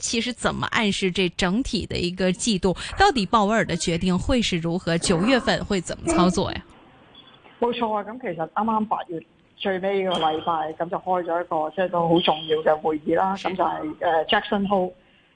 其實怎麼暗示這整體的一個季度，到底鮑威爾的決定會是如何？九月份會怎麼操作呀？冇錯啊，咁其實啱啱八月最尾個禮拜咁就開咗一個即係都好重要嘅會議啦。咁就係誒 Jackson Hole，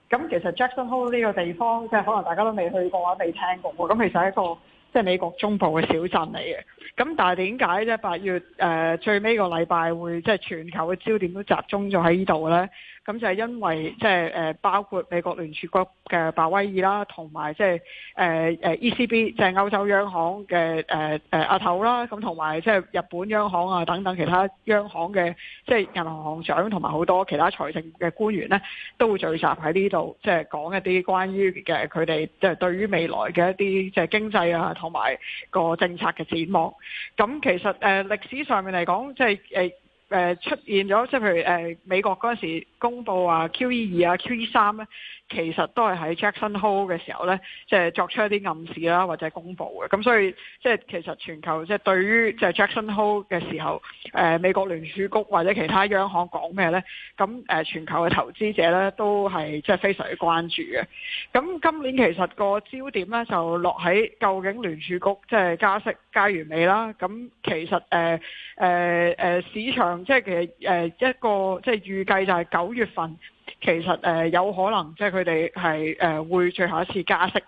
咁其實 Jackson Hole 呢個地方即係可能大家都未去過或未聽過嘅，咁其實係一個即係美國中部嘅小鎮嚟嘅。咁但係點解即係八月誒、呃、最尾個禮拜會即係全球嘅焦點都集中咗喺呢度呢？咁就係因為即係誒，包括美國聯儲局嘅鮑威爾啦，同埋即係誒誒 ECB，即係歐洲央行嘅誒誒阿頭啦，咁同埋即係日本央行啊等等其他央行嘅即係銀行行長同埋好多其他財政嘅官員咧，都會聚集喺呢度，即係講一啲關於嘅佢哋即係對於未來嘅一啲即係經濟啊同埋個政策嘅展望。咁其實誒歷史上面嚟講，即係誒。呃誒、呃、出現咗，即係譬如、呃、美國嗰陣時公布啊 QE 二啊、QE 三咧、啊，其實都係喺 Jackson Hole 嘅時候咧，即、就、係、是、作出一啲暗示啦，或者公布嘅。咁所以即係其實全球即係對於即係 Jackson Hole 嘅時候、呃，美國聯儲局或者其他央行講咩咧，咁誒全球嘅投資者咧都係即係非常之關注嘅。咁今年其實個焦點咧就落喺究竟聯儲局即係加息。加完尾啦，咁其實誒誒誒，市場即係其實誒一個即係預計就係九月份，其實誒有可能即係佢哋係誒會最後一次加息。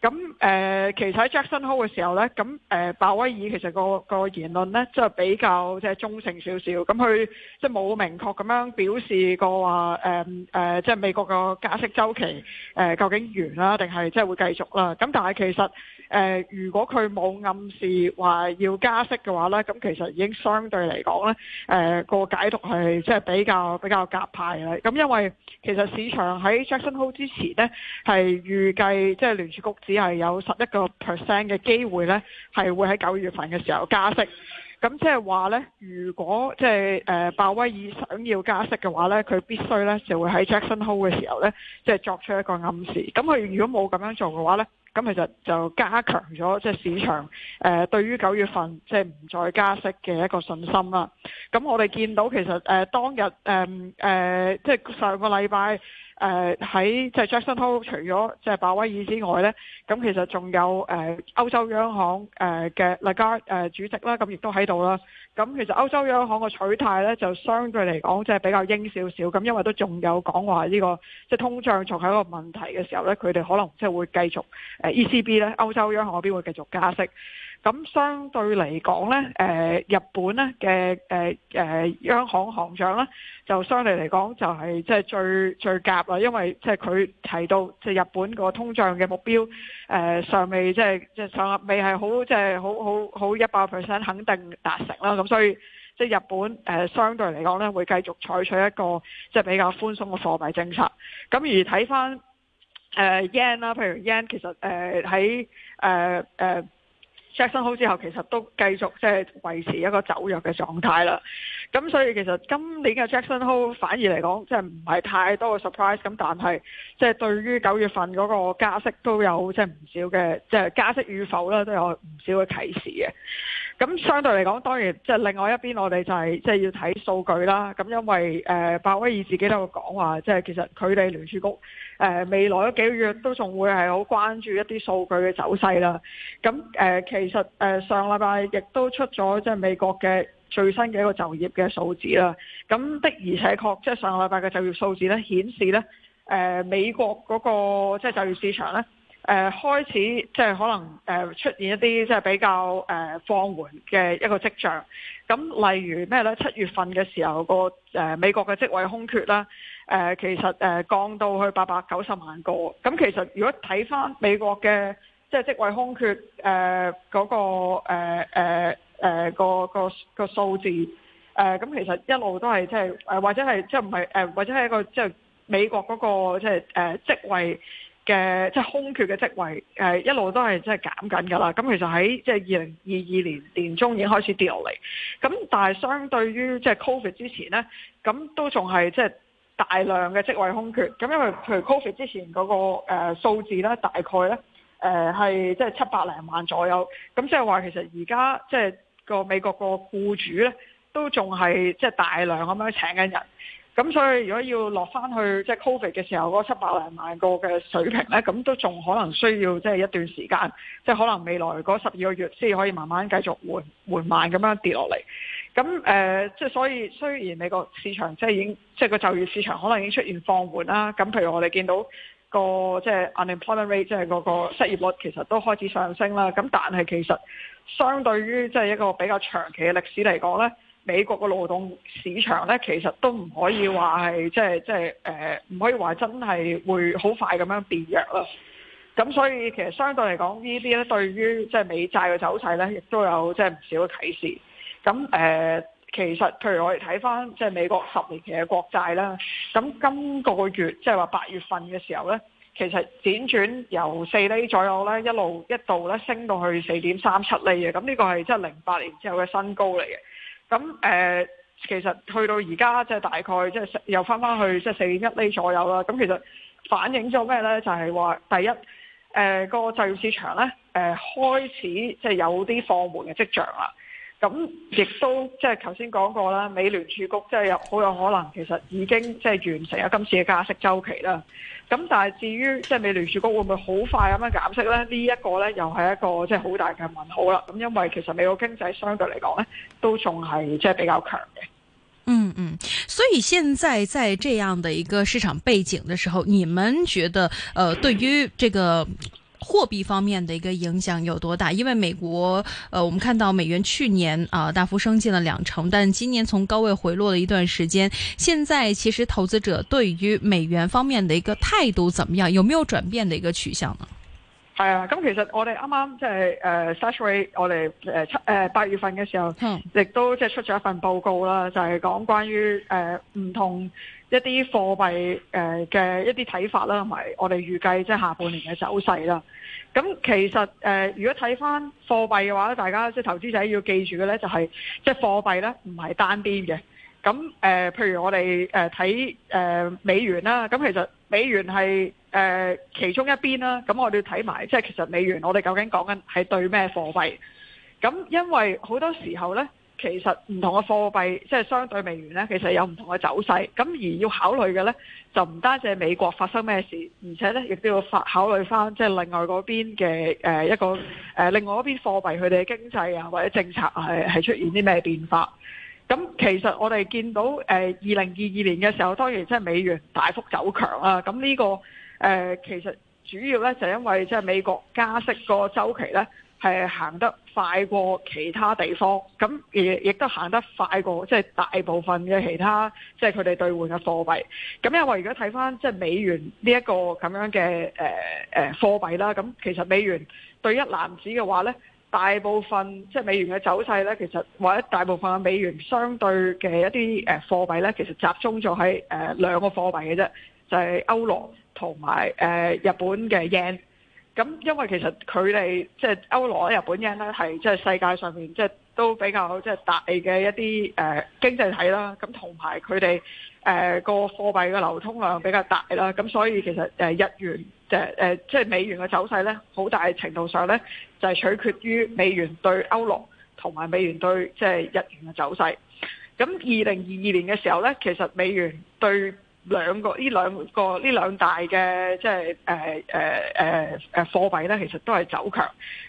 咁誒、呃，其實喺 Jackson Hole 嘅時候咧，咁誒、呃，鮑威爾其實、那個個言論咧，即、就、係、是、比較即係中性少少，咁佢即係冇明確咁樣表示過話誒即係美國個加息週期、呃、究竟完啦、啊，定係即係會繼續啦、啊？咁但係其實誒、呃，如果佢冇暗示話要加息嘅話咧，咁其實已經相對嚟講咧，誒、呃那個解讀係即係比較比較鴿派啦。咁因為其實市場喺 Jackson Hole 之前呢，係預計即係聯儲局。只係有十一個 percent 嘅機會呢，係會喺九月份嘅時候加息。咁即係話呢，如果即係誒鮑威爾想要加息嘅話呢，佢必須呢就會喺 Jackson Hole 嘅時候呢，即係作出一個暗示。咁佢如果冇咁樣做嘅話呢，咁其實就加強咗即係市場誒對於九月份即係唔再加息嘅一個信心啦。咁我哋見到其實誒、呃、當日誒、呃呃、即係上個禮拜誒喺、呃、即係、就是、Jackson Hole 除咗即係鮑威爾之外咧，咁其實仲有誒、呃、歐洲央行誒嘅 r 家誒主席啦，咁亦都喺度啦。咁其實歐洲央行個取態咧，就相對嚟講即係比較鷹少少，咁因為都仲有講話呢個即係、就是、通脹仲係一個問題嘅時候咧，佢哋可能即係會繼續、呃、ECB 咧，歐洲央行嗰邊會繼續加息。咁相對嚟講咧，日本咧嘅、呃、央行行長咧，就相對嚟講就係即係最最鴿啦，因為即係佢提到即係日本個通脹嘅目標誒、呃，尚未即係即係尚未係好即係好好好一百 percent 肯定達成啦咁。所以即係日本誒，相對嚟講咧，會繼續採取一個即係比較寬鬆嘅貨幣政策。咁而睇翻誒 yen 啦，譬如 yen 其實誒喺誒誒 Jackson Hole 之後，其實都繼續即係維持一個走弱嘅狀態啦。咁所以其實今年嘅 Jackson Hole 反而嚟講，即係唔係太多嘅 surprise。咁但係即係對於九月份嗰個加息都有即係唔少嘅，即係加息與否咧都有唔少嘅啟示嘅。咁相對嚟講，當然即係另外一邊，我哋就係即係要睇數據啦。咁因為誒，鮑威爾自己都有講話，即係其實佢哋聯儲局誒未來嗰幾個月都仲會係好關注一啲數據嘅走勢啦。咁誒其實誒上禮拜亦都出咗即係美國嘅最新嘅一個就業嘅數字啦。咁的而且確，即係上禮拜嘅就業數字咧，顯示咧誒美國嗰個即係就業市場咧。誒開始即係可能誒出現一啲即係比較誒放緩嘅一個跡象，咁例如咩呢？七月份嘅時候個誒美國嘅職位空缺啦，誒其實誒降到去八百九十萬個。咁其實如果睇返美國嘅即係職位空缺誒嗰個誒誒誒個個個數字誒，咁、呃、其實一路都係即係誒，或者係即係唔係誒，或者係一個即係美國嗰個即係誒職位。嘅即係空缺嘅職位，誒一路都係即係減緊㗎啦。咁其實喺即係二零二二年年中已經開始跌落嚟，咁但係相對於即係 Covid 之前呢，咁都仲係即係大量嘅職位空缺。咁因為譬如 Covid 之前嗰個誒數字呢，大概呢誒係即係七百零萬左右。咁即係話其實而家即係個美國個雇主呢，都仲係即係大量咁樣請緊人。咁所以如果要落翻去即係、就是、Covid 嘅時候嗰七百零萬個嘅水平咧，咁都仲可能需要即係、就是、一段時間，即、就、係、是、可能未來嗰十二個月先可以慢慢繼續緩，緩慢咁樣跌落嚟。咁誒，即係所以雖然美國市場即係、就是、已經即係個就業市場可能已經出現放緩啦，咁譬如我哋見到、個即係、就是、unemployment rate 即係嗰個失業率其實都開始上升啦。咁但係其實相對於即係一個比較長期嘅歷史嚟講咧。美國嘅勞動市場咧，其實都唔可以話係即係即係誒，唔、就是呃、可以話真係會好快咁樣變弱啦。咁所以其實相對嚟講，這些呢啲咧對於即係美債嘅走勢咧，亦都有即係唔少嘅啟示。咁誒、呃，其實譬如我哋睇返即係美國十年期嘅國債啦，咁今個月即係話八月份嘅時候咧，其實輾轉由四厘左右咧，一路一度咧升到去四點三七厘嘅，咁呢個係即係零八年之後嘅新高嚟嘅。咁誒、呃，其實去到而家即係大概即係、就是、又翻翻去即係四點一釐左右啦。咁其實反映咗咩咧？就係、是、話第一，誒、呃那個就業市場咧，誒、呃、開始即係有啲放緩嘅跡象啦。咁亦都即係頭先講過啦，美聯儲局即係有好有可能其實已經即係完成咗今次嘅加息周期啦。咁但係至於即係美聯儲局會唔會好快咁樣減息咧？呢一個咧又係一個即係好大嘅問號啦。咁因為其實美國經濟相對嚟講咧都仲係即係比較強嘅。嗯嗯，所以現在在這樣的一個市場背景的時候，你們覺得，誒、呃，對於這個？貨幣方面的一個影響有多大？因為美國，呃，我們看到美元去年啊、呃、大幅升近了兩成，但今年從高位回落了一段時間。現在其實投資者對於美元方面的一個態度怎麼樣？有沒有轉變的一個取向呢？係啊，咁其實我哋啱啱即係誒 Sachsway 我哋誒七誒八月份嘅時候，亦都即係出咗一份報告啦，就係講關於誒唔同。一啲貨幣嘅一啲睇法啦，同埋我哋預計即係下半年嘅走勢啦。咁其實誒、呃，如果睇返貨幣嘅話咧，大家即係、即係、投資者要記住嘅咧、即係，就係即係貨幣咧唔係單邊嘅。咁誒、呃，譬如我哋睇誒美元啦，咁其實美元係誒、呃、其中一邊啦。咁我哋要睇埋即係其實美元，我哋究竟講緊係對咩貨幣？咁因為好多時候咧，其實唔同嘅貨幣即係相對美元呢，其實有唔同嘅走勢。咁而要考慮嘅呢，就唔單止係美國發生咩事，而且呢亦都要考慮返即係另外嗰邊嘅一個、呃、另外嗰邊貨幣佢哋嘅經濟啊或者政策係、係、出現啲咩變化。咁、嗯、其實我哋見到誒二零二二年嘅時候，當然即係美元大幅走強啦、啊。咁、嗯、呢、呢個、呃、其實主要呢，就是、因為即係美國加息個週期呢。係行得快過其他地方，咁亦亦都行得快過即係、就是、大部分嘅其他即係佢哋兌換嘅貨幣。咁因為如果睇翻即係美元呢一個咁樣嘅誒誒貨幣啦，咁其實美元對一籃子嘅話咧，大部分即係美元嘅走勢咧，其實或者大部分嘅美元相對嘅一啲誒貨幣咧，其實集中咗喺誒兩個貨幣嘅啫，就係、是、歐羅同埋誒日本嘅 yen。咁因為其實佢哋即係歐羅日本人咧係即係世界上面即係都比較即係大嘅一啲誒、呃、經濟體啦，咁同埋佢哋誒個貨幣嘅流通量比較大啦，咁所以其實誒日元即係誒即係美元嘅走勢咧，好大程度上咧就係、是、取決於美元對歐羅同埋美元對即係日元嘅走勢。咁二零二二年嘅時候咧，其實美元對兩個，兩個兩、即係誒誒、呢兩個呢兩大嘅即係誒誒誒誒貨幣咧，其實都係走強。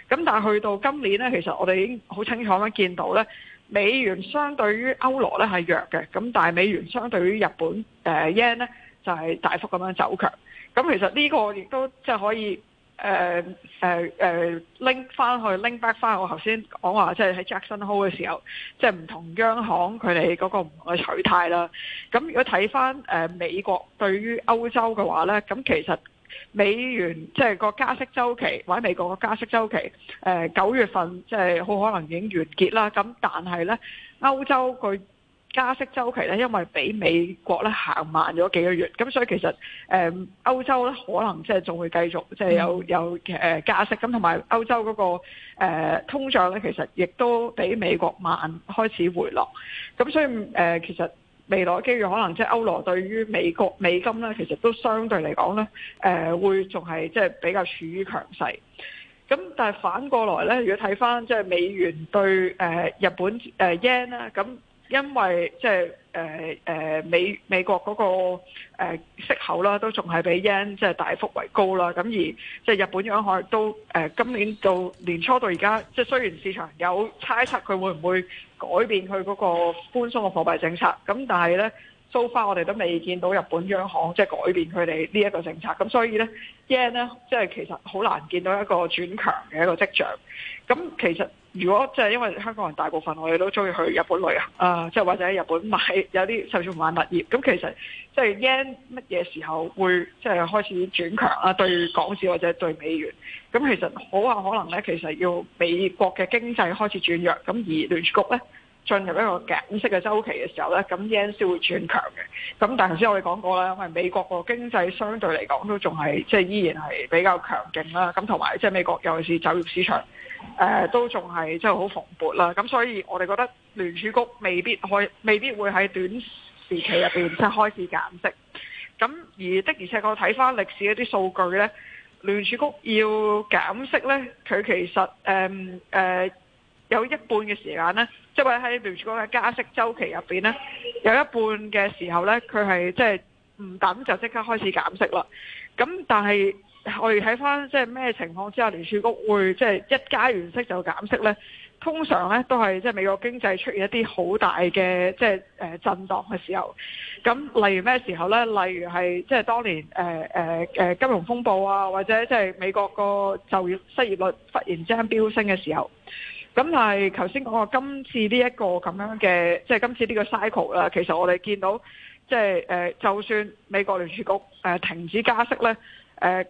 咁但係去到今年咧，其實我哋已經好清楚咁樣見到咧，美元相對於歐羅咧係弱嘅。咁但係美元相對於日本誒 yen 咧，就係、係、大幅咁樣走強。咁其實呢個亦都即係、即係、可以。誒誒誒拎翻去拎 back 翻我頭先講話，即係喺 Jackson Hole 嘅時候，即係唔同央行佢哋嗰個唔同嘅取態啦。咁如果睇翻誒美國對於歐洲嘅話咧，咁其實美元即係個加息週期，或者美國個加息週期，誒九月份即係好可能已經完結啦。咁但係咧，歐洲佢。加息周期咧，因為比美國咧行慢咗幾個月，咁所以其實誒歐、呃、洲咧可能即係仲會繼續即係、就是、有有誒加息咁，同埋歐洲嗰、那個、呃、通脹咧，其實亦都比美國慢開始回落，咁所以誒、呃、其實未來嘅機會可能即係歐羅對於美國美金咧，其實都相對嚟講咧誒會仲係即係比較處於強勢，咁但係反過來咧，如果睇返即係美元對誒日本誒 yen 咧，咁、呃。因為即係誒誒美美國嗰個誒息口啦，都仲係比 yen 即係大幅為高啦。咁而即係日本央行都誒今年到年初到而家，即係雖然市場有猜測佢會唔會改變佢嗰個寬鬆嘅貨幣政策，咁但係咧 so far 我哋都未見到日本央行即係改變佢哋呢一個政策。咁所以咧 yen 咧即係其實好難見到一個轉強嘅一個跡象。咁其實。如果即係因為香港人大部分我哋都中意去日本旅行，啊，呃，即係或者喺日本買有啲，甚至買物業，咁其實即係 yen 乜嘢時候會即係開始轉強啊？對港紙或者對美元，咁其實好有可能咧其實要美國嘅經濟開始轉弱，咁而聯儲局咧。進入一個減息嘅週期嘅時候呢，咁 yen 先會轉強嘅。咁但係頭先我哋講過啦，因為美國個經濟相對嚟講都仲係即係依然係比較強勁啦。咁同埋即係美國尤其是就業市場，誒、呃、都仲係即係好蓬勃啦。咁所以我哋覺得聯儲局未必去未必會喺短時期入邊即係開始減息。咁而的而且確睇翻歷史的一啲數據呢，聯儲局要減息呢，佢其實誒誒、呃呃、有一半嘅時間呢。即係喺聯儲局嘅加息週期入邊呢，有一半嘅時候呢，佢係即係唔等就即刻開始減息啦。咁但係我哋睇翻即係咩情況之下聯儲局會即係一加完息就減息呢？通常呢都係即係美國經濟出現一啲好大嘅即係誒震盪嘅時候。咁例如咩時候呢？例如係即係當年誒誒誒金融風暴啊，或者即係美國個就業失業率忽然之間飆升嘅時候。咁但係頭先講過，今次呢一個咁樣嘅，即係今次呢個 cycle 啦。其實我哋見到，即係、呃、就算美國聯儲局、呃、停止加息咧，呃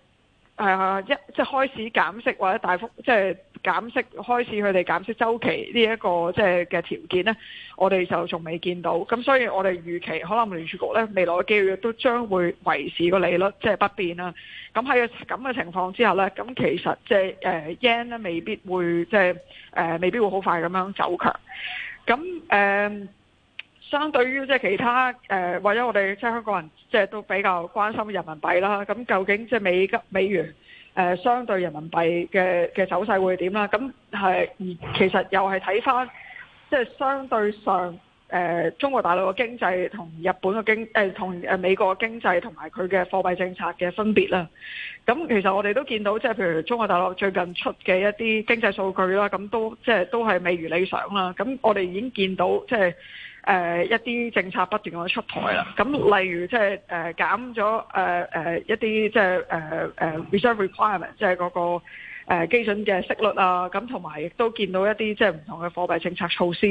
係啊，一即係開始減息或者大幅即係、就是、減息開始，佢哋減息週期呢、這、一個即係嘅條件呢，我哋就仲未見到。咁所以我哋預期可能聯儲局呢未來嘅機會都將會維持個利率即係、就是、不變啦。咁喺咁嘅情況之下呢，咁其實即係誒 yen 呢未必會即係誒、呃、未必會好快咁樣走強。咁誒。呃相對於即係其他誒、呃，或者我哋即係香港人，即係都比較關心人民幣啦。咁究竟即係美美元誒、呃，相對人民幣嘅嘅走勢會點啦？咁係而其實又係睇翻即係相對上誒、呃，中國大陸嘅經濟同日本嘅經誒同誒美國嘅經濟同埋佢嘅貨幣政策嘅分別啦。咁其實我哋都見到即係譬如中國大陸最近出嘅一啲經濟數據啦，咁都即係都係未如理想啦。咁我哋已經見到即係。誒、呃、一啲政策不斷咁出台啦，咁例如即係誒減咗誒誒一啲即係誒誒 Reserve Requirement，即係嗰、那個、呃、基準嘅息率啊，咁同埋亦都見到一啲即係唔同嘅貨幣政策措施。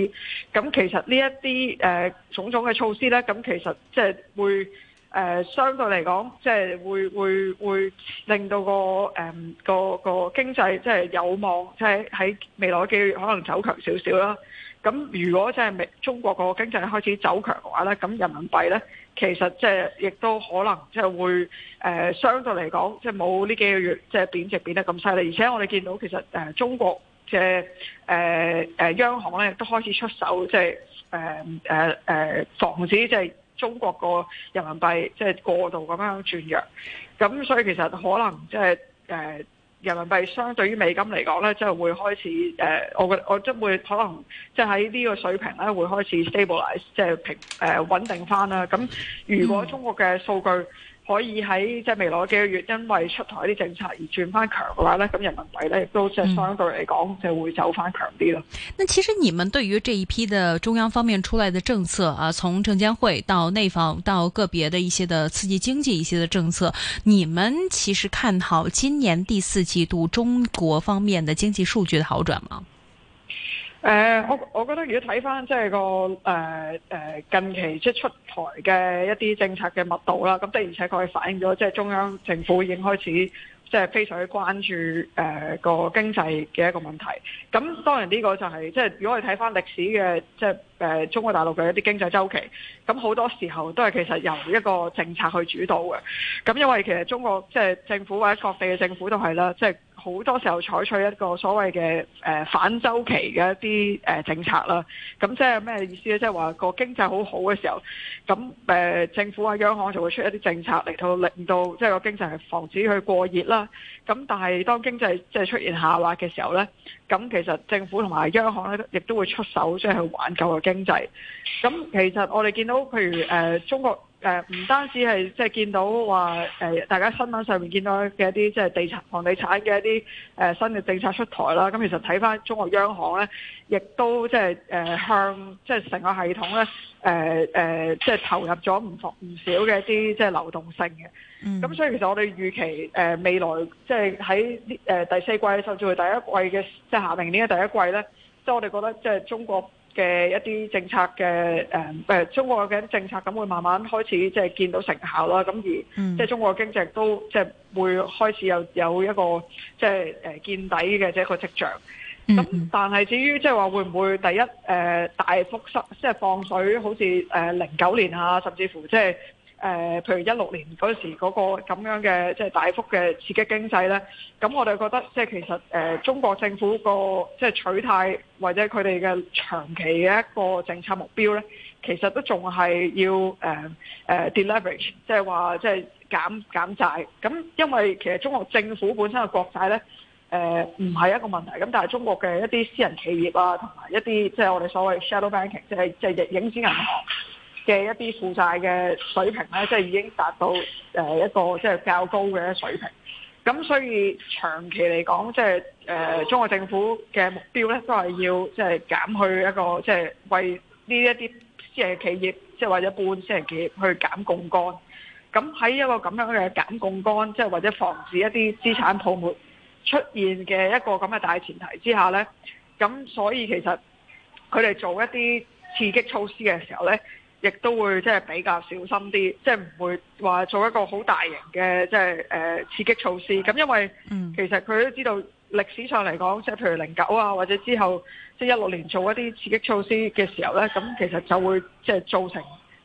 咁其實呢一啲誒種種嘅措施咧，咁其實即係會誒、呃、相對嚟講，即係會會會令到個誒、呃、個個,個經濟即係有望即係喺未來嘅幾月可能走強少少啦。咁如果即係中國個經濟開始走強嘅話咧，咁人民幣咧其實即係亦都可能即係會誒、呃、相對嚟講即係冇呢幾個月即係貶值貶得咁犀利，而且我哋見到其實中國嘅誒誒央行咧都開始出手即係誒誒誒防止即係中國個人民幣即係過度咁樣轉弱，咁所以其實可能即係誒。呃人民幣相對於美金嚟講咧，即係會開始誒、呃。我覺我即會可能即係喺呢個水平咧，會開始 stabilize 即係平誒、呃、穩定翻啦。咁如果中國嘅數據可以喺即係未來幾個月，因為出台啲政策而轉翻強嘅話咧，咁人民幣咧亦都即係相對嚟講就會走翻強啲咯。嗯。那其實你們對於這一批的中央方面出來的政策啊，從證監會到內房到個別的一些嘅刺激經濟一些嘅政策，你們其實看好今年第四季度中國方面的經濟數據嘅好轉嗎？誒，我、呃、我覺得如果睇翻即係個誒、呃、近期即係出台嘅一啲政策嘅密度啦，咁，而且確係反映咗即係中央政府已經開始即係非常嘅關注誒、呃、個經濟嘅一個問題。咁當然呢個就係即係如果我哋睇翻歷史嘅即係中國大陸嘅一啲經濟週期，咁好多時候都係其實由一個政策去主導嘅。咁因為其實中國即係政府或者各地嘅政府都係啦，即係。好多時候採取一個所謂嘅誒、呃、反周期嘅一啲、呃、政策啦，咁即係咩意思咧？即係話個經濟好好嘅時候，咁、呃、政府啊、央行就會出一啲政策嚟到令到即係個經濟係防止佢過熱啦。咁但係當經濟即係、就是、出現下滑嘅時候咧，咁其實政府同埋央行咧亦都會出手即係去挽救個經濟。咁其實我哋見到譬如誒、呃、中國。誒唔，、呃、單止係即係見到話、呃、大家新聞上面見到嘅一啲即係地產、房地產嘅一啲誒、呃、新嘅政策出台啦。咁、嗯、其實睇返中國央行咧，亦都即係誒向即係成個系統咧誒即係投入咗唔同唔少嘅一啲即係流動性嘅。咁、嗯、所以其實我哋預期、呃、未來即係喺誒第四季甚至係第一季嘅即係下明年嘅第一季咧，即、就、係、是、我哋覺得即係中國嘅一啲政策嘅誒誒，中國嘅政策咁會慢慢開始即係見到成效啦。咁、嗯、而即係中國經濟都即係會開始有有一個即係誒見底嘅一個跡象。咁、嗯、但係至於即係話會唔會第一誒大幅失即係放水，好似誒零九年啊，甚至乎即係。誒、呃，譬如一六年嗰陣時嗰個咁樣嘅即係大幅嘅刺激經濟咧，咁我哋覺得即係、就是、其實誒、呃、中國政府個即係取態或者佢哋嘅長期嘅一個政策目標咧，其實都仲係要誒誒、呃呃、deleverage 即係話即係減減債。咁因為其實中國政府本身嘅國債咧誒唔係一個問題，咁但係中國嘅一啲私人企業啊，同埋一啲即係我哋所謂 shadow banking，即係即係影子銀行，嘅一啲負債嘅水平咧，即係已經達到誒一個即係較高嘅水平。咁所以長期嚟講，即係誒中國政府嘅目標咧，都係要即係減去一個即係為呢一啲私人企業，即係或者一般私人企業去減槓桿。咁喺一個咁樣嘅減槓桿，即係或者防止一啲資產泡沫出現嘅一個咁嘅大前提之下咧，咁所以其實佢哋做一啲刺激措施嘅時候咧。亦都會即係比較小心啲，即係唔會話做一個好大型嘅即係誒刺激措施。咁因為其實佢都知道歷史上嚟講，即係譬如零九啊，或者之後即係一六年做一啲刺激措施嘅時候呢，咁其實就會即係造成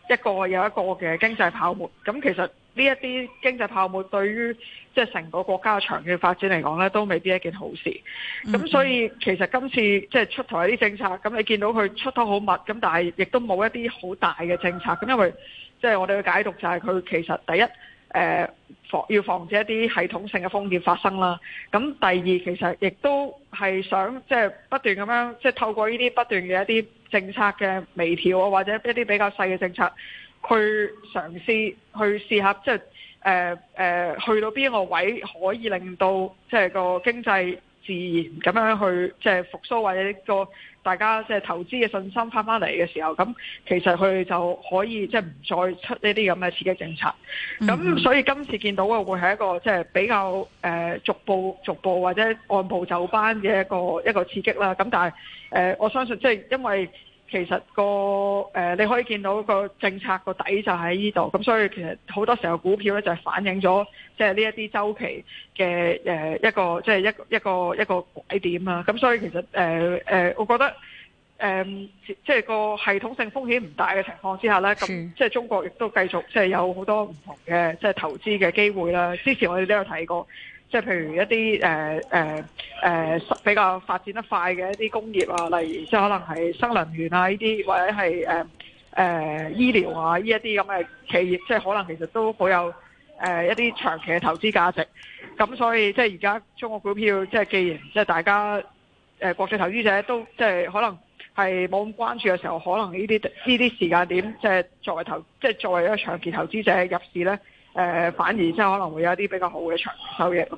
一個有一個嘅經濟泡沫。咁其實。呢一啲經濟泡沫對於即係成個國家嘅長遠發展嚟講呢，都未必一件好事。咁所以其實今次即係出台一啲政策，咁你見到佢出得好密，咁但係亦都冇一啲好大嘅政策。咁因為即係我哋嘅解讀就係佢其實第一，誒、呃、防要防止一啲系統性嘅風險發生啦。咁第二其實亦都係想即係不斷咁樣即係透過呢啲不斷嘅一啲政策嘅微調啊，或者一啲比較細嘅政策。去嘗試去試下，即係誒誒，去到邊個位可以令到即係個經濟自然咁樣去即係復甦，或者一個大家即係投資嘅信心翻翻嚟嘅時候，咁其實佢就可以即係唔再出呢啲咁嘅刺激政策。咁、嗯、所以今次見到嘅會係一個即係比較誒、呃、逐步逐步或者按部就班嘅一個一個刺激啦。咁但係誒、呃，我相信即係因為。其實個誒、呃、你可以見到個政策個底就喺呢度，咁所以其實好多時候股票咧就係、是、反映咗即係呢一啲週期嘅誒、呃、一個即係、就是、一個一個一個拐點啦、啊。咁所以其實誒誒、呃呃，我覺得誒即係個系統性風險唔大嘅情況之下咧，咁即係中國亦都繼續即係有好多唔同嘅即係投資嘅機會啦。之前我哋都有睇過。即係譬如一啲誒誒比較發展得快嘅一啲工業啊，例如即可能係新能源啊呢啲，或者係誒誒醫療啊呢一啲咁嘅企業，即、即係、可能其實都好有誒、呃、一啲長期嘅投資價值。咁所以即而家中國股票，即、即係、既然即大家誒、呃、國際投資者都即可能係冇咁關注嘅時候，可能呢啲呢啲時間點，即係作為投即係、即係、作為一個長期投資者入市咧，誒、呃、反而即係可能會有一啲比較好嘅長收益咯。